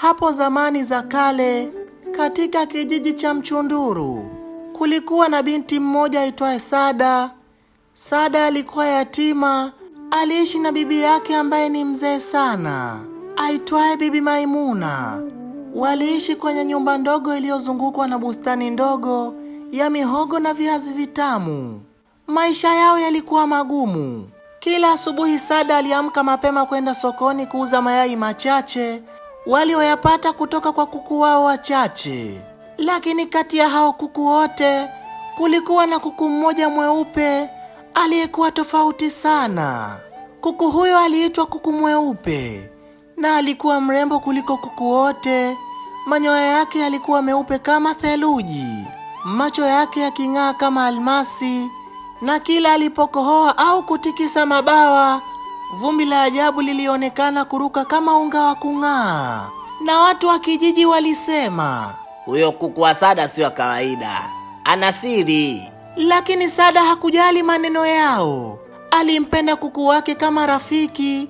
Hapo zamani za kale, katika kijiji cha Mchunduru, kulikuwa na binti mmoja aitwaye Sada. Sada alikuwa yatima, aliishi na bibi yake ambaye ni mzee sana aitwaye Bibi Maimuna. Waliishi kwenye nyumba ndogo iliyozungukwa na bustani ndogo ya mihogo na viazi vitamu. Maisha yao yalikuwa magumu. Kila asubuhi Sada aliamka mapema kwenda sokoni kuuza mayai machache walioyapata kutoka kwa kuku wao wachache. Lakini kati ya hao kuku wote kulikuwa na kuku mmoja mweupe aliyekuwa tofauti sana. Kuku huyo aliitwa kuku mweupe na alikuwa mrembo kuliko kuku wote. Manyoya yake yalikuwa meupe kama theluji, macho yake yaking'aa kama almasi, na kila alipokohoa au kutikisa mabawa Vumbi la ajabu lilionekana kuruka kama unga wa kung'aa, na watu wa kijiji walisema, huyo kuku wa Sada sio kawaida, ana siri. Lakini Sada hakujali maneno yao, alimpenda kuku wake kama rafiki.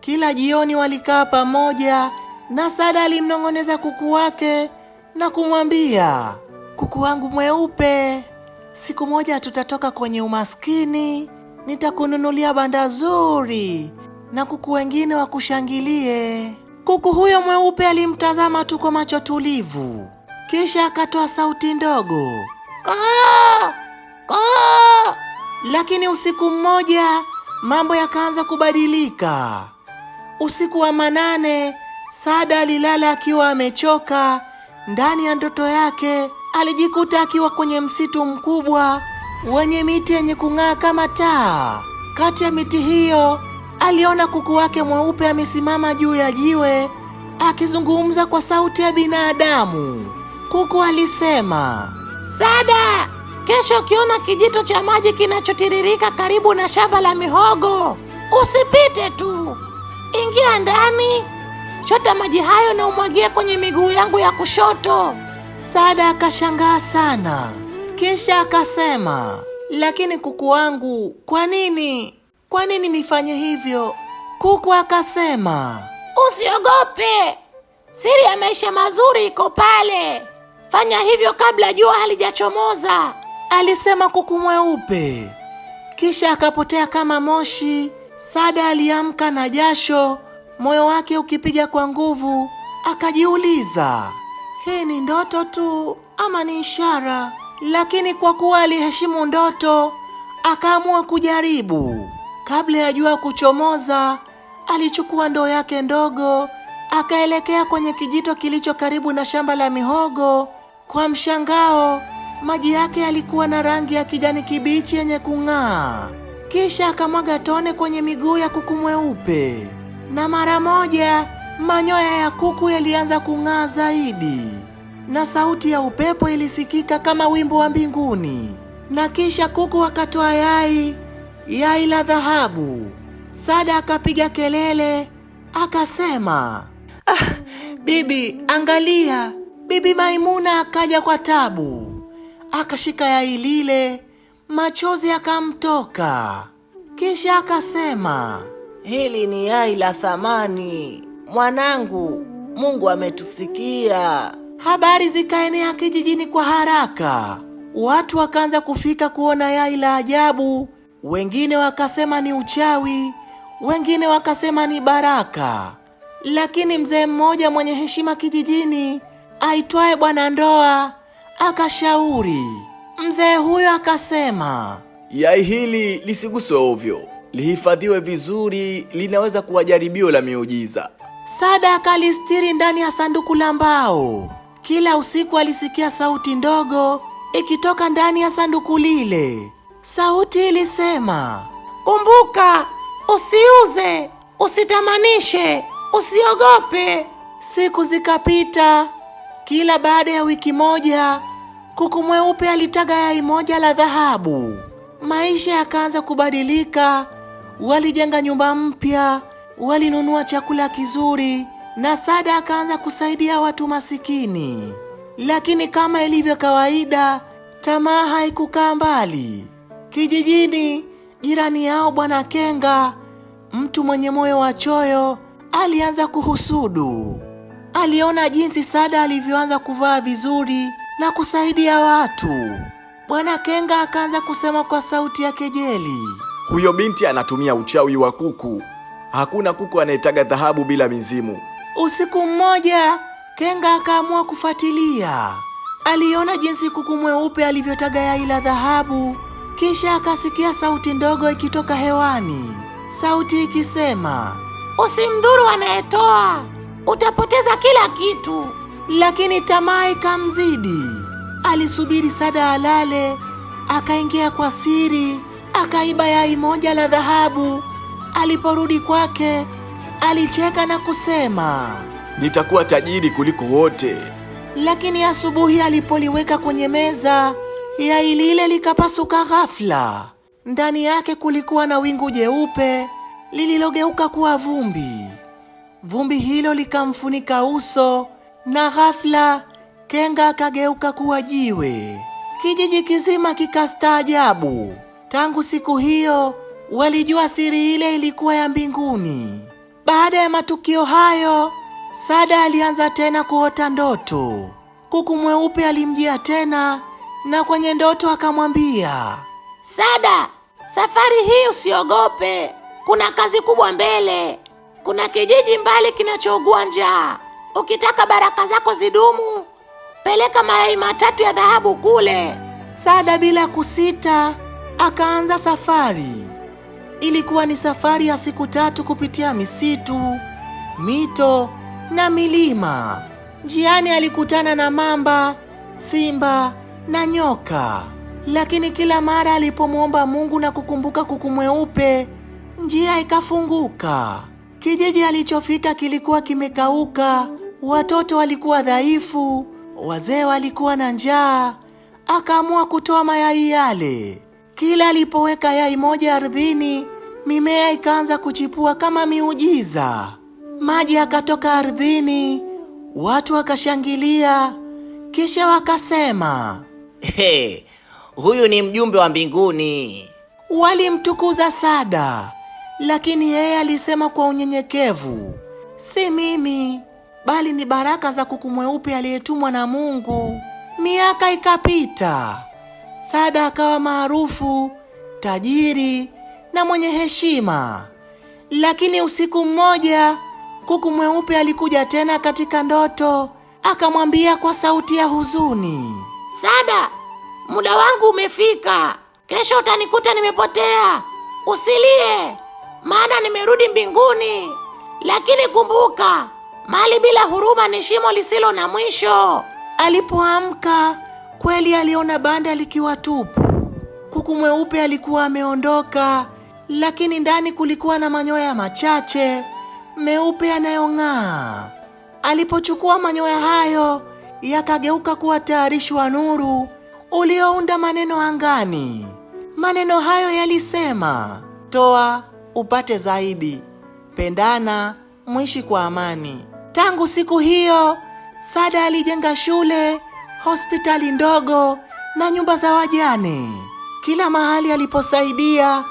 Kila jioni walikaa pamoja, na Sada alimnong'oneza kuku wake na kumwambia, kuku wangu mweupe, siku moja tutatoka kwenye umaskini nitakununulia banda zuri na kuku wengine wakushangilie. Kuku huyo mweupe alimtazama tu kwa macho tulivu, kisha akatoa sauti ndogo kaa kaa. Lakini usiku mmoja mambo yakaanza kubadilika. Usiku wa manane, sada alilala akiwa amechoka. Ndani ya ndoto yake alijikuta akiwa kwenye msitu mkubwa wenye miti yenye kung'aa kama taa. Kati ya miti hiyo aliona kuku wake mweupe amesimama juu ya jiwe akizungumza kwa sauti ya binadamu. Kuku alisema, Sada, kesho ukiona kijito cha maji kinachotiririka karibu na shamba la mihogo usipite tu, ingia ndani, chota maji hayo na umwagie kwenye miguu yangu ya kushoto. Sada akashangaa sana. Kisha akasema, lakini kuku wangu, kwa nini, kwa nini nifanye hivyo? Kuku akasema, usiogope, siri ya maisha mazuri iko pale. Fanya hivyo kabla jua halijachomoza, alisema kuku mweupe. Kisha akapotea kama moshi. Sada aliamka na jasho, moyo wake ukipiga kwa nguvu. Akajiuliza, hii ni ndoto tu ama ni ishara? lakini kwa kuwa aliheshimu ndoto akaamua kujaribu. Kabla ya jua kuchomoza, alichukua ndoo yake ndogo akaelekea kwenye kijito kilicho karibu na shamba la mihogo. Kwa mshangao, maji yake yalikuwa na rangi ya kijani kibichi yenye kung'aa. Kisha akamwaga tone kwenye miguu ya kuku mweupe, na mara moja manyoya ya kuku yalianza kung'aa zaidi na sauti ya upepo ilisikika kama wimbo wa mbinguni. Na kisha kuku akatoa yai, yai la dhahabu. Sada akapiga kelele akasema, ah, bibi angalia. Bibi Maimuna akaja kwa tabu, akashika yai lile, machozi akamtoka. Kisha akasema, hili ni yai la thamani mwanangu, Mungu ametusikia. Habari zikaenea kijijini kwa haraka. Watu wakaanza kufika kuona yai la ajabu, wengine wakasema ni uchawi, wengine wakasema ni baraka. Lakini mzee mmoja mwenye heshima kijijini aitwaye Bwana Ndoa akashauri. Mzee huyo akasema, yai hili lisiguswe ovyo, lihifadhiwe vizuri, linaweza kuwa jaribio la miujiza. Sada akalistiri ndani ya sanduku la mbao. Kila usiku alisikia sauti ndogo ikitoka ndani ya sanduku lile. Sauti ilisema, kumbuka, usiuze, usitamanishe, usiogope. Siku zikapita. Kila baada ya wiki moja, kuku mweupe alitaga yai moja la dhahabu. Maisha yakaanza kubadilika. Walijenga nyumba mpya, walinunua chakula kizuri na Sada akaanza kusaidia watu masikini. Lakini kama ilivyo kawaida, tamaa haikukaa mbali. Kijijini, jirani yao Bwana Kenga, mtu mwenye moyo wa choyo, alianza kuhusudu. Aliona jinsi Sada alivyoanza kuvaa vizuri na kusaidia watu. Bwana Kenga akaanza kusema kwa sauti ya kejeli, huyo binti anatumia uchawi wa kuku. Hakuna kuku anayetaga dhahabu bila mizimu. Usiku mmoja Kenga akaamua kufuatilia. Aliona jinsi kuku mweupe alivyotaga yai la dhahabu, kisha akasikia sauti ndogo ikitoka hewani, sauti ikisema, usimdhuru anayetoa, utapoteza kila kitu. Lakini tamaa ikamzidi. Alisubiri Sada alale, akaingia kwa siri, akaiba yai moja la dhahabu. Aliporudi kwake Alicheka na kusema, nitakuwa tajiri kuliko wote. Lakini asubuhi alipoliweka kwenye meza, yai lile likapasuka ghafla. Ndani yake kulikuwa na wingu jeupe lililogeuka kuwa vumbi. Vumbi hilo likamfunika uso, na ghafla Kenga akageuka kuwa jiwe. Kijiji kizima kikastaajabu. Tangu siku hiyo walijua siri ile ilikuwa ya mbinguni. Baada ya matukio hayo, Sada alianza tena kuota ndoto. Kuku mweupe alimjia tena na kwenye ndoto akamwambia, Sada, safari hii usiogope, kuna kazi kubwa mbele. Kuna kijiji mbali kinachougua njaa. Ukitaka baraka zako zidumu, peleka mayai matatu ya dhahabu kule. Sada bila kusita akaanza safari. Ilikuwa ni safari ya siku tatu kupitia misitu, mito na milima. Njiani alikutana na mamba, simba na nyoka, lakini kila mara alipomwomba Mungu na kukumbuka kuku mweupe, njia ikafunguka. Kijiji alichofika kilikuwa kimekauka, watoto walikuwa dhaifu, wazee walikuwa na njaa. Akaamua kutoa mayai yale kila alipoweka yai moja ardhini, mimea ikaanza kuchipua kama miujiza. Maji yakatoka ardhini, watu wakashangilia, kisha wakasema, hey, huyu ni mjumbe wa mbinguni. Walimtukuza Sada, lakini yeye alisema kwa unyenyekevu, si mimi bali ni baraka za kuku mweupe aliyetumwa na Mungu. Miaka ikapita sada akawa maarufu, tajiri na mwenye heshima. Lakini usiku mmoja, kuku mweupe alikuja tena katika ndoto, akamwambia kwa sauti ya huzuni, sada muda wangu umefika. Kesho utanikuta nimepotea. Usilie, maana nimerudi mbinguni. Lakini kumbuka, mali bila huruma ni shimo lisilo na mwisho. Alipoamka Kweli aliona banda likiwa tupu. Kuku mweupe alikuwa ameondoka, lakini ndani kulikuwa na manyoya machache meupe yanayong'aa. Alipochukua manyoya hayo, yakageuka kuwa tayarishi wa nuru uliounda maneno angani. Maneno hayo yalisema: toa upate zaidi, pendana mwishi kwa amani. Tangu siku hiyo, Sada alijenga shule hospitali ndogo na nyumba za wajane. Kila mahali aliposaidia,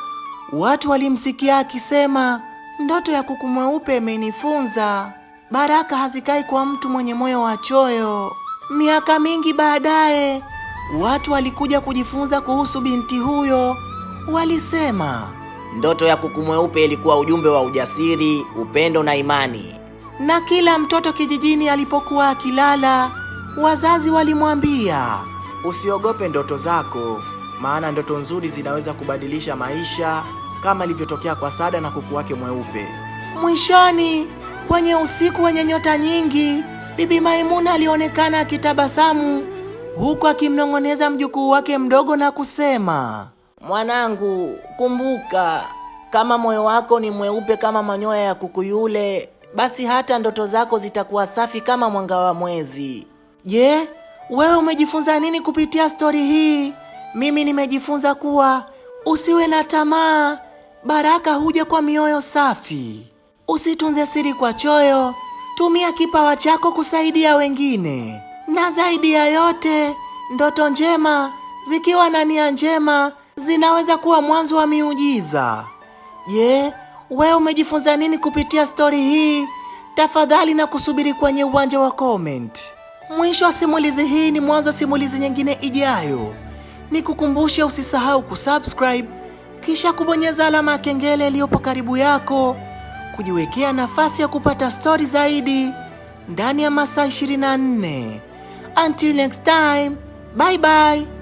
watu walimsikia akisema, ndoto ya kuku mweupe imenifunza baraka hazikai kwa mtu mwenye moyo wa choyo. Miaka mingi baadaye, watu walikuja kujifunza kuhusu binti huyo. Walisema ndoto ya kuku mweupe ilikuwa ujumbe wa ujasiri, upendo na imani. Na kila mtoto kijijini alipokuwa akilala, Wazazi walimwambia usiogope ndoto zako, maana ndoto nzuri zinaweza kubadilisha maisha kama ilivyotokea kwa Sada na kuku wake mweupe. Mwishoni, kwenye usiku wenye nyota nyingi, Bibi Maimuna alionekana akitabasamu huku akimnong'oneza mjukuu wake mdogo na kusema, mwanangu, kumbuka kama moyo wako ni mweupe kama manyoya ya kuku yule, basi hata ndoto zako zitakuwa safi kama mwanga wa mwezi. Je, yeah, wewe umejifunza nini kupitia stori hii? Mimi nimejifunza kuwa usiwe na tamaa, baraka huja kwa mioyo safi. Usitunze siri kwa choyo, tumia kipawa chako kusaidia wengine, na zaidi ya yote, ndoto njema zikiwa na nia njema zinaweza kuwa mwanzo wa miujiza. Je, yeah, wewe umejifunza nini kupitia stori hii? Tafadhali na kusubiri kwenye uwanja wa comment. Mwisho wa simulizi hii ni mwanzo wa simulizi nyingine ijayo. Nikukumbushe usisahau kusubscribe kisha kubonyeza alama ya kengele iliyopo karibu yako kujiwekea nafasi ya kupata stori zaidi ndani ya masaa 24. Until next time, bye bye.